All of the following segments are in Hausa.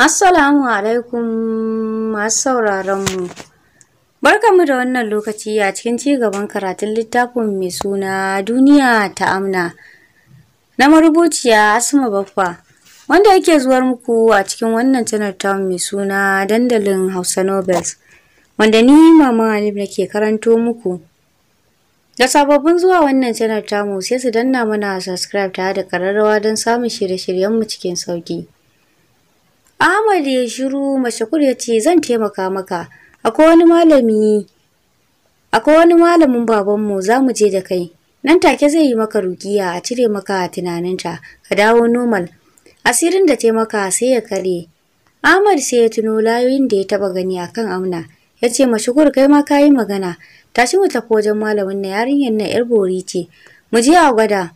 Assalamu alaikum masu Barka mu da wannan lokaci a cikin ci gaban karatun littafin mai suna Duniya ta Amna na marubuciya Asma Baffa wanda yake zuwar muku a cikin wannan channel ta mai suna dandalin Hausa Nobels wanda ni Mama Alif nake karanto muku. Da sababbin zuwa wannan channel tamu sai su danna mana subscribe tare da kararrawa don samun shirye-shiryenmu cikin sauki. Ahmad ya shiru mashakur ya ce zan taimaka maka. Akwai wani malami Akwai wani malamin babanmu za mu je da kai. Nan take zai yi maka rugiya a cire maka tunaninta ka dawo normal. Asirin da taimaka sai ya kare. Ahmad sai ya tuno layoyin da ya taba gani akan Amna. Ya ce mashakur kai ma ka yi magana. Tashi mu tafi wajen malamin na yarinyar na yar bori ce. Mu je a gwada.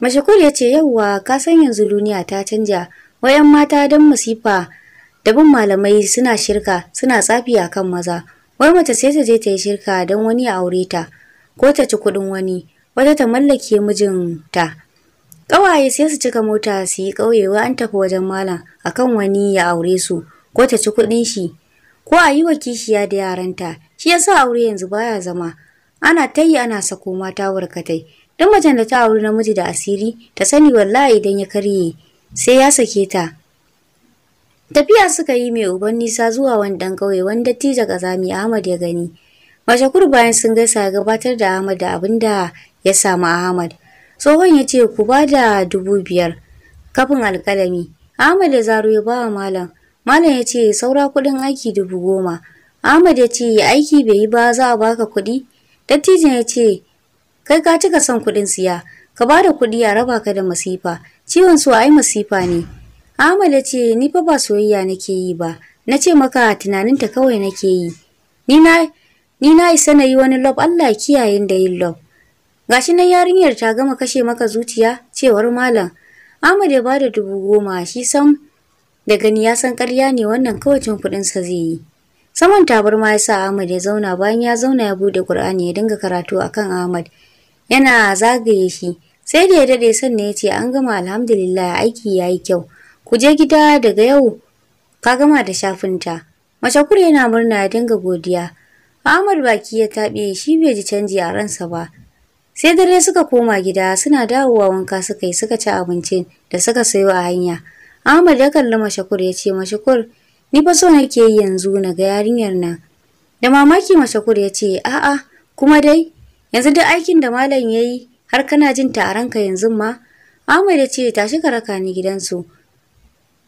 mashakur ya ce yauwa ka san yanzu duniya ta canja. wayan mata don masifa da bin malamai suna shirka suna tsafi a kan maza wai mace sai ta je ta yi shirka don wani ya aure ta ko ta ci kuɗin wani wata ta mallake mijinta ƙawaye sai su cika mota su yi ƙauyewa an tafi wajen malam kan wani ya aure su ko ta ci kuɗin shi ko a yi wa kishiya da yaranta shi ya sa aure yanzu baya zama ana tayi ana sako mata warkatai don macen da ta auri namiji da asiri ta sani wallahi idan ya karye sai ya sake ta. Tafiya suka yi mai uban nisa zuwa wani ɗan ƙauye wanda dattijo ƙazami Ahmad ya gani. Mashakur bayan sun gaisa ya gabatar da Ahmad da abin da ya samu Ahmad. Tsohon ya ce ku ba da dubu biyar kafin alƙalami. Ahmad ya zaro ya bawa malam. Malam ya ce saura kuɗin aiki dubu goma. Ahmad ya ce aiki bai yi ba za a baka kuɗi. Dattijan ya ce kai ka cika son kuɗin siya. Ka ba da kuɗi a raba ka da masifa. ciwon su ai masifa ne Ahmad ya ce ni fa ba soyayya nake yi ba na ce maka tunaninta kawai nake yi ni na isa na yi wani love Allah kiyayen da yin love gashi nan yarinyar ta gama kashe maka zuciya cewar malam Ahmad ya bada dubu goma shi sam da gani ya san karya ne wannan kawai cin kuɗin sa zai yi saman tabarma ya sa Ahmad ya zauna bayan ya zauna ya bude Qur'ani ya dinga karatu akan Ahmad yana zagaye shi Sai da ya son sannan ya ce an gama alhamdulillah aiki ya yi kyau. Ku je gida daga yau ka gama da shafinta. Mace kure yana murna ya dinga godiya. Ahmad baki ya taɓe shi bai ji canji a ransa ba. Sai dare suka koma gida suna dawowa wanka suka yi suka ci abincin da suka sayo a hanya. Ahmad ya kalli Mashakur ya ce Mashakur ni fa so nake yi yanzu na ga yarinyar nan. Da mamaki Mashakur ya ce a'a kuma dai yanzu duk aikin da malam ya yi har kana jin ta a ranka yanzu ma Ahmad ya ce ta shiga raka ni gidansu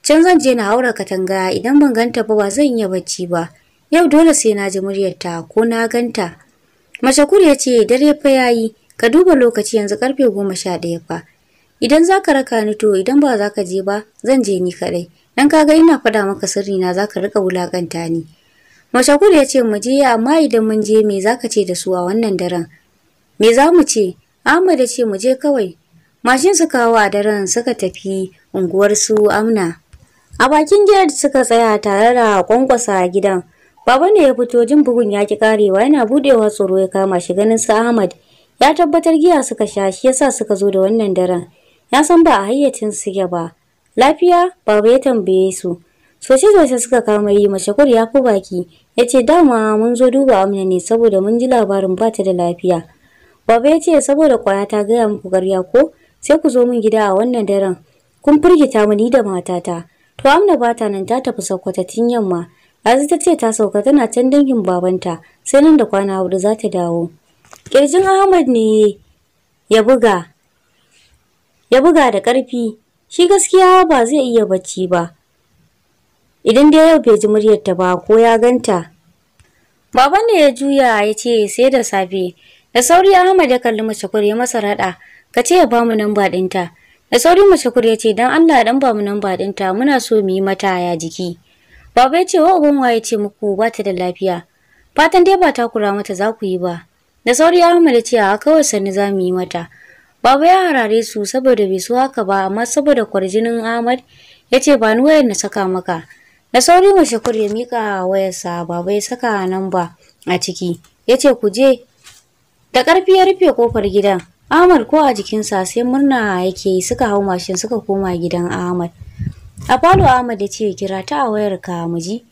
can zan je na haura katanga idan ban ganta ba ba zan iya bacci ba yau dole sai na ji muryarta ko na ganta mashakur ya ce dare fa yayi ka duba lokaci yanzu karfe goma sha ɗaya fa idan za ka raka ni to idan ba za ka je ba zan je ni kaɗai dan kaga ina faɗa maka sirri na za ka riƙa wulaƙanta ni mashakur ya ce mu je amma idan mun je me za ka ce da su a wannan daren me za mu ce Ahmad ya ce muje kawai. Mashin su kawo a daren suka tafi unguwar su Amna. A bakin gidan suka tsaya tare da kwankwasa gidan. Baba ne ya fito jin bugun ya ki karewa yana budewa tsoro ya kama shi ganin su Ahmad. Ya tabbatar giya suka sha shi yasa suka zo da wannan daren. Ya san ba a hayyacin su ba. Lafiya baba ya tambaye su. Soce soce suka kama yi mace mashakur ya fi baki. Ya ce dama mun zo duba amna ne saboda mun ji labarin ba ta da lafiya. Baba ya ce saboda kwaya ta gaya muku garya ko sai ku zo min gida a wannan daren. Kun firgita mu da matata. To Amna ba ta nan ta tafi saukata tin yamma. Azu ta ce ta sauka tana can dangin babanta sai nan da kwana hudu za ta dawo. Kirjin Ahmad ne ya buga. Ya buga da karfi Shi gaskiya ba zai iya bacci ba. Idan dai yau bai ji muryarta ba ko ya ganta. Baban ne ya juya ya ce sai da safe Da sauri Ahmad ya kalli mace Mashakur ya masa raɗa, ka ya bamu mu namba ɗinta. Da sauri Mashakur ya ce, don Allah dan ba mu namba dinta muna so mu yi mata ya jiki. Baba ya ce, wa uban waye ce muku ba ta da lafiya. Fatan dai ba ta kura mata za ku yi ba. Da sauri Ahmad ya ce, a kawai sanni za mu yi mata. Baba ya harare su saboda bai so haka ba, amma saboda kwarjinin Ahmad ya ce, ba ni wayar na saka maka. Da sauri mace Mashakur ya mika wayarsa, baba ya saka namba a ciki. yace ce, ku je, Da ƙarfi ya rufe kofar gidan. Ahmad ko a jikinsa sai murna yake yi suka hau mashin suka koma gidan Ahmad. A falo Ahmad ya ce kira ta a wayar ka muji.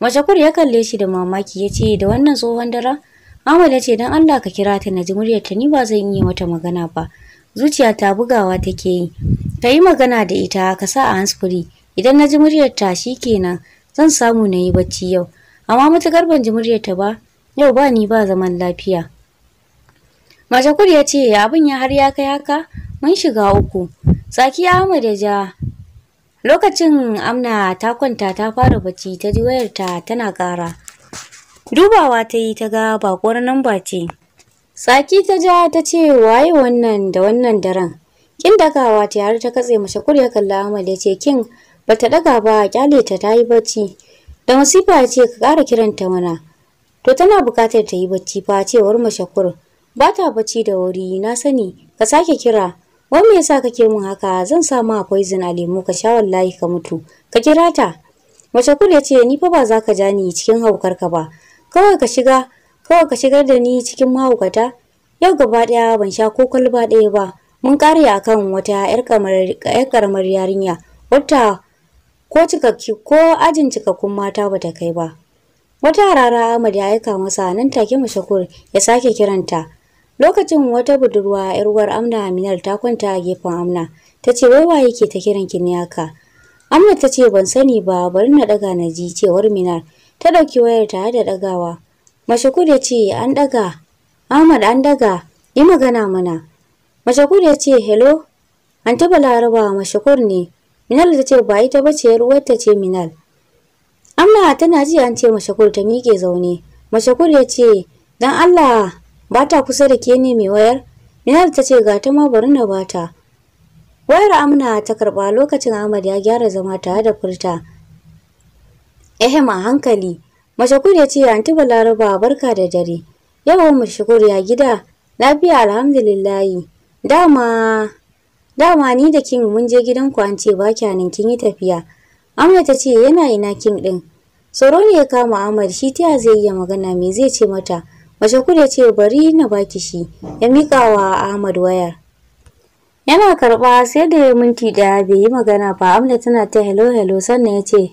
Mashakur ya kalle shi da mamaki ya ce da wannan tsohon dara. Ahmad ya ce don Allah ka kira ta na ji muryarta ni ba zan iya mata magana ba. Zuciya ta bugawa take yi. Ka yi magana da ita ka sa a hanspuri. Idan na ji ta shi kenan zan samu na yi bacci yau. Amma matuƙar ban ji muryarta ba yau ba ni ba zaman lafiya. Majakur ya ce abin ya har ya kai haka mun shiga uku. Tsaki Ahmad ya ja. Lokacin Amna ta kwanta ta fara bacci ta ji wayarta tana ƙara. Dubawa ta yi ta ga bakuwar namba ce. Saki ta ja ta ce waye wannan da wannan daren. Kin dagawa ta har ta katse mashakur ya kalla Ahmad ya ce kin bata daga ba kyale ta tayi bacci. Da masifa ya ce ka ƙara kiranta mana. To tana buƙatar ta yi bacci fa cewar mashakur. ba ta bacci da wuri na sani ka sake kira wa me yasa kake mun haka zan sa ma poison a lemu ka sha wallahi ka mutu ka kira ta mace kula ce ni fa ba za ka ja ni cikin haukar ka ba kawai ka shiga kawai ka shigar da ni cikin mahaukata yau gaba daya ban sha ko kwalba daya ba mun kare akan wata yar karamar yarinya wata ko cikakki ko ajin cikakkun mata ba ta kai ba wata harara Ahmad ya aika masa nan take mashakur ya sake kiranta Lokacin wata budurwa ‘yar uwar Amna Aminal ta kwanta a gefen Amna, ta ce wai wa ke ta kiran ki ne haka? Amna ta ce ban sani ba bari na daga na ji cewar Minal. Ta ɗauki wayar ta da ɗagawa. Mashakud ya ce an daga. Ahmad an daga. yi magana mana. Mashakur ya ce, Hello, an taɓa laraba mashakur ne. Minal ta ce, ba ita ba ce ta ce Minal. amna tana ji an ce mashakur ta miƙe zaune. Mashakur ya ce, Don Allah ba ta kusa da ke ne mai wayar minal ta ce ga ta ma bari na bata wayar amna ta karba lokacin ahmad ya gyara zama tare da furta ehem a hankali mashakur ya ce anti balaraba barka da dare yawan mashakur ya gida lafiya alhamdulillahi dama dama ni da king mun je gidan ku an ce ba kyanin kin yi tafiya amna ta ce yana ina king din tsoro ne ya kama ahmad shi ta zai iya magana me zai ce mata Mace ya ce bari na baki shi, ya miƙa wa Ahmad wayar. Yana karɓa sai da ya minti ɗaya bai yi magana ba, Amna tana ta hello hello sannan ya ce,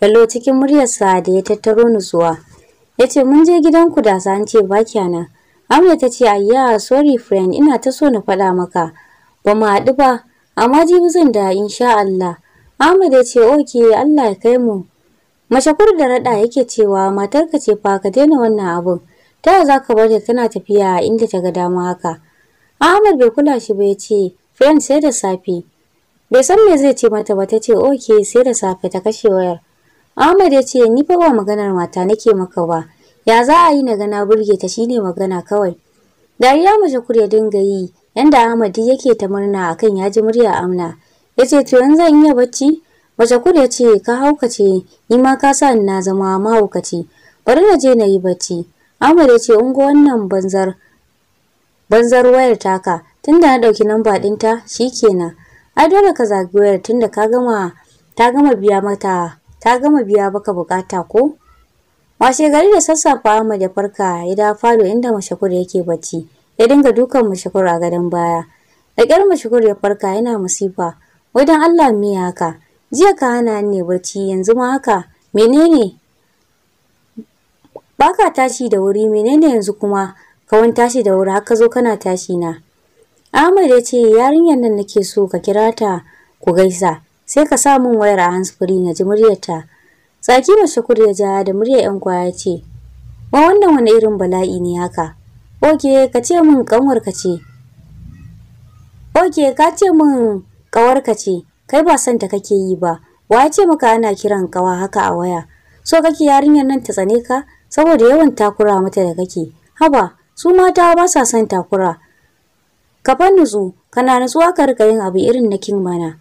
hello cikin muryarsa da ya tattaro nutsuwa. Ya ce mun je gidanku da sa an ce ba nan. Amna ta ce ayya sorry friend ina ta so na faɗa maka. Ba mu haɗu ba, amma jibi zan da insha Allah. Ahmad ya ce oke Allah ya kai mu. Mashakur da raɗa yake cewa matarka ce fa ka daina wannan abun. ta za ka bar ta tana tafiya inda ta ga dama haka Ahmad bai kula shi ba ya ce friend sai da safe bai san me zai ce mata ba ta ce okay sai da safe ta kashe wayar Ahmad ya ce ni fa ba maganar mata nake maka ba ya za a yi na ga na burge ta shine magana kawai dariya mace ya dinga yi yanda Ahmad yake ta murna akan ya ji murya Amna Ya ce to yanzu zan iya bacci mace kuda ce ka haukace ni ma ka sa ni na zama mahaukaci bari na je na yi bacci Ahmad ya ce ungo wannan banzar banzar wayar taka tunda na dauki namba dinta shikenan. Ai dole ka zagi wayar tunda ka gama ta gama biya mata ta gama biya baka bukata ko? Washe gari da sassafa Ahmad ya farka ya da falo inda Mashakur yake bacci. Ya dinga dukan Mashakur a gadon baya. Da kyar Mashakur ya farka yana musifa. dan Allah miya haka? Jiya ka hana ni bacci, yanzu ma haka. Menene? baka tashi da wuri menene yanzu kuma? Ka wani tashi da wuri Haka zo kana tashi na. Ahmad ya ce yarinyar nan nake so ka kira ta ku gaisa. Sai ka sa min wayar a handsfree na ji muryarta. Tsaki da Shakur ya ja da muryar 'yan kwaya ce. Wa wannan wani irin bala'i ne haka? Oke ka ce min ka ce. Oke ka ce min ka ce. Kai ba santa kake yi ba. Wa ya ce maka ana kiran kawa haka a waya? So kake yarinyar nan ta tsane ka? saboda yawan takura mata da kake haba su mata ba sa son takura ka fa nutsu kana nutsuwa ka riƙa yin abu irin na kin mana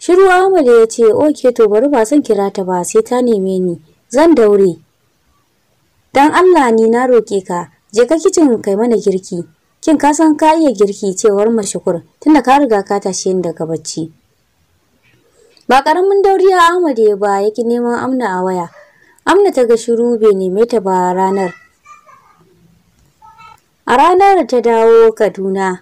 shiru Ahmad ya ce oke to bari ba zan kira ta ba sai ta neme ni zan daure dan Allah ni na roke ka je ka kicin kai mana girki kin ka san ka iya girki cewar mashukur tunda ka riga ka tashi ni daga bacci ba karamin dauriya Ahmad ya ba yake neman amna a waya Amna ta ga shiru bai neme ta ba ranar. A ranar da ta dawo Kaduna,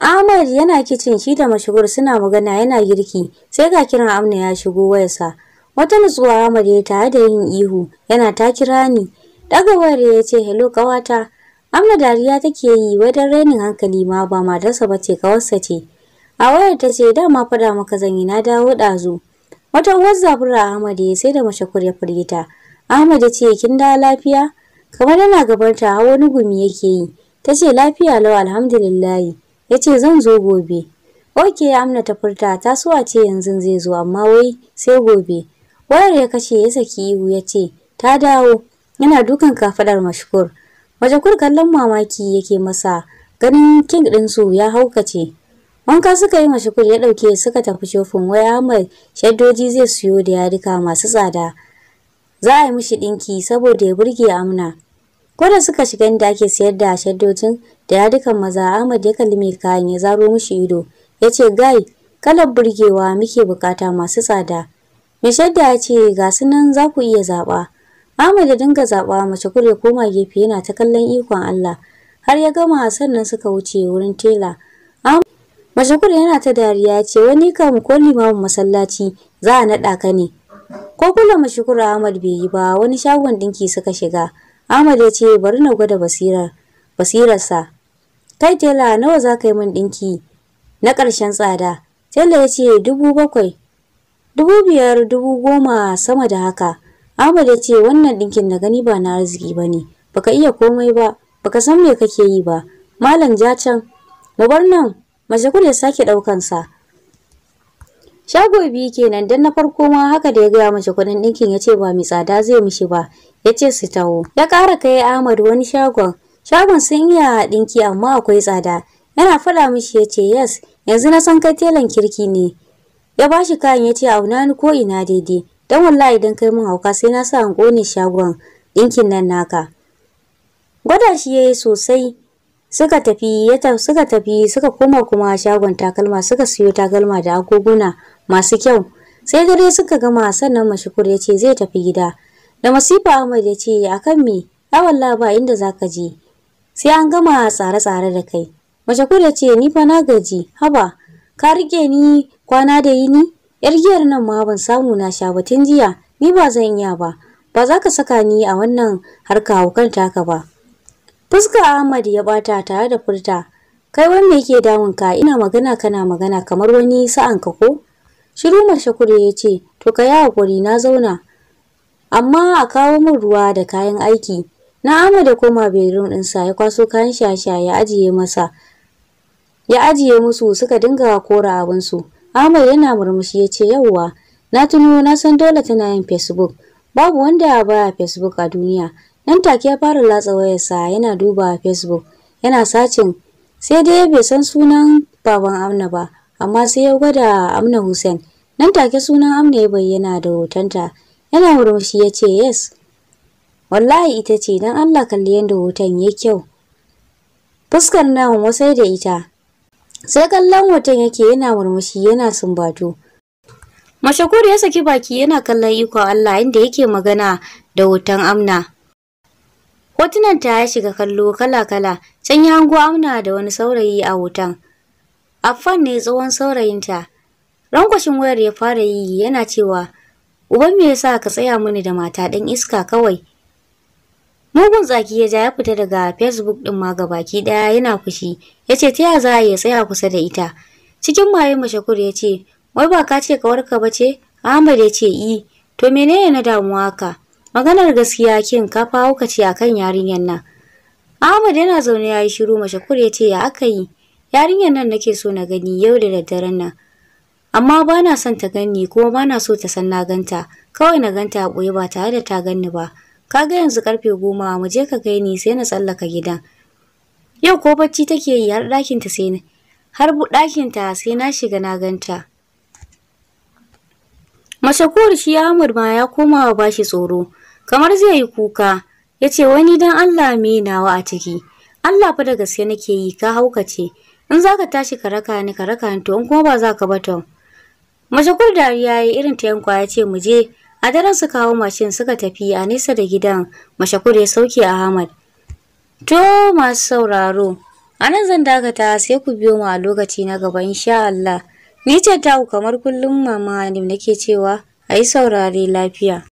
Ahmad yana kicin shi da mashigur suna magana yana girki sai ga kiran Amna ya shigo wayarsa. Wata nutsuwa Ahmad ya tare da yin ihu yana ta kira ni. Daga wayar ya ce hello kawata. Amna dariya take yi wajen rainin hankali ma ba matarsa ba ce kawarsa ce. A wayar ta ce dama fada maka zan yi na dawo ɗazu. Wata uwar zabura Ahmad ya sai da mashakur ya firgita. Ahmad ya ce kin da lafiya? Kamar yana gabarta hawa wani gumi yake yi. Ta ce lafiya lau alhamdulillahi. Ya ce zan zo gobe. Oke Amna ta furta ta so a ce yanzu zai zo amma wai sai gobe. Wayar ya kashe ya saki ihu ya ce ta dawo yana dukan kafadar mashkur. Mashakur kallon mamaki yake masa ganin king ɗinsu ya haukace. Wanka suka yi mashi mashukur ya ɗauke suka tafi shofin waya mai shaddoji zai siyo da yarika masu tsada. Za a yi mishi ɗinki saboda ya burge Amna. Ko da suka shiga inda ake sayar da shaddojin da yarikan maza Ahmad ya kalli mai kayan ya zaro mishi ido. Ya ce gai kalar burgewa muke bukata masu tsada. Mai shadda ya ce ga su nan za ku iya zaɓa. Ahmad ya dinga zaɓa mace ya koma gefe yana ta kallon ikon Allah. Har ya gama sannan suka wuce wurin tela. Mashakur yana ta dariya ce wani kam ko limamin masallaci za a naɗa ka ne. Ko kula mashakur Ahmad bai yi ba wani shagon ɗinki suka shiga. Ahmad ya ce bari na gwada basirar basirarsa. Kai tela nawa za ka yi min ɗinki na ƙarshen tsada. Tela ya ce dubu bakwai. Dubu biyar dubu goma sama da haka. Ahmad ya ce wannan ɗinkin na gani ba na arziki ba ne. Baka iya komai ba. Baka san me kake yi ba. Malam ja can. Mu bar nan Majagul ya sake ɗaukansa. Shago biyu kenan dan na farko ma haka da ya gaya mace kuɗin ɗinkin yace ba mai tsada zai mishi ba, yace su taho. Ya ƙara kai Ahmad wani shagon. Shagon sun iya haɗinki, amma akwai tsada. Yana faɗa mishi yace, yes, yanzu na san kai telan kirki ne. Ya bashi kayan yace auna ni ko ina daidai. 'Dan wallahi dan kai mun hauka sai na sa an kone shagon ɗinkin nan naka. Gwada shi ya sosai suka tafi ya suka tafi suka koma kuma shagon takalma suka siyo takalma da agoguna masu kyau sai dare suka gama sannan mashukur ya ce zai tafi gida da masifa ahmad ya ce akan me a walla ba inda zaka je sai an gama tsare-tsare da kai mashukur ya ce ni fa na gaji haba ka rike ni kwana da yini yar giyar nan ma ban samu na sha batun jiya ni ba zan iya ba ba za ka saka ni a wannan harka kan taka ba Fuska Ahmad ya bata tare da furta. Kai wai me yake damun ka? Ina magana kana magana kamar wani sa'an ka ko? Shiru Mashakure ya ce, "To ka yi hakuri na zauna." Amma a kawo min ruwa da kayan aiki. Na ama da koma bedroom ɗinsa ya kwaso kayan shaye-shaye ya ajiye masa. Ya ajiye musu suka dinga kora abinsu. Ahmad yana murmushi ya ce, "Yawwa, na tuno na san dole tana yin Facebook. Babu wanda ya baya Facebook a duniya. nan take ya fara latsa wayarsa yana duba facebook yana sacin sai dai bai san sunan baban amna ba amma sai ya gwada amna hussein nan take sunan amna ya bayyana da hotonta yana murmushi ya ce yes wallahi ita ce don allah kalli yadda hoton ya kyau fuskar nan wasai da ita sai kallon hoton yake yana murmushi yana sumbato mashakuru ya saki baki yana kallon ikon Allah inda yake magana da hoton Amna. Hotunan ta ya shiga kallo kala-kala, can ya hango amna da wani saurayi a hoton. Affan ne tsohon saurayinta. Rankwashin wayar ya fara yi yana cewa, Uban me yasa ka tsaya mini da mata ɗan iska kawai? Mugun tsaki ya ja ya fita daga Facebook ɗin ma baki ɗaya yana fushi, ya ce ta ya za ya tsaya kusa da ita. Cikin maye mashakur ya ce, wai ba ka ce kawarka ba ce? Ahmad ya ce, i, eh. to menene na damuwa ka? Maganar gaskiya kin ka fawo ka ce akan yarinyar nan. Ahmad yana zaune ya yi shiru mace kure ce ya aka yi. Yarinyar nan nake so na gani yau da daddaren nan. Amma ba na son ta gani kuma ba na so ta san na ganta. Kawai na ganta a ɓoye ba tare da ta ganni ba. Ka ga yanzu karfe goma mu je ka kai sai na tsallaka gidan. Yau ko bacci take yi har ɗakinta sai na har ta sai na shiga na ganta. Mashakur shi Ahmad ma ya koma wa bashi tsoro. kamar zai yi kuka ya ce wai ni dan Allah me nawa a ciki Allah fa da gaske nake yi ka haukace in za ka tashi ka raka ni ka raka ni to in kuma ba za ka ba to mashakur dariya ya irin ta yankwa ya ce mu je a daren su kawo mashin suka tafi a nesa da gidan mashakur ya sauke a Ahmad to masu sauraro a nan zan dakata sai ku biyo mu a lokaci na gaba insha Allah ni ce taku kamar kullum mama nake cewa a yi saurare lafiya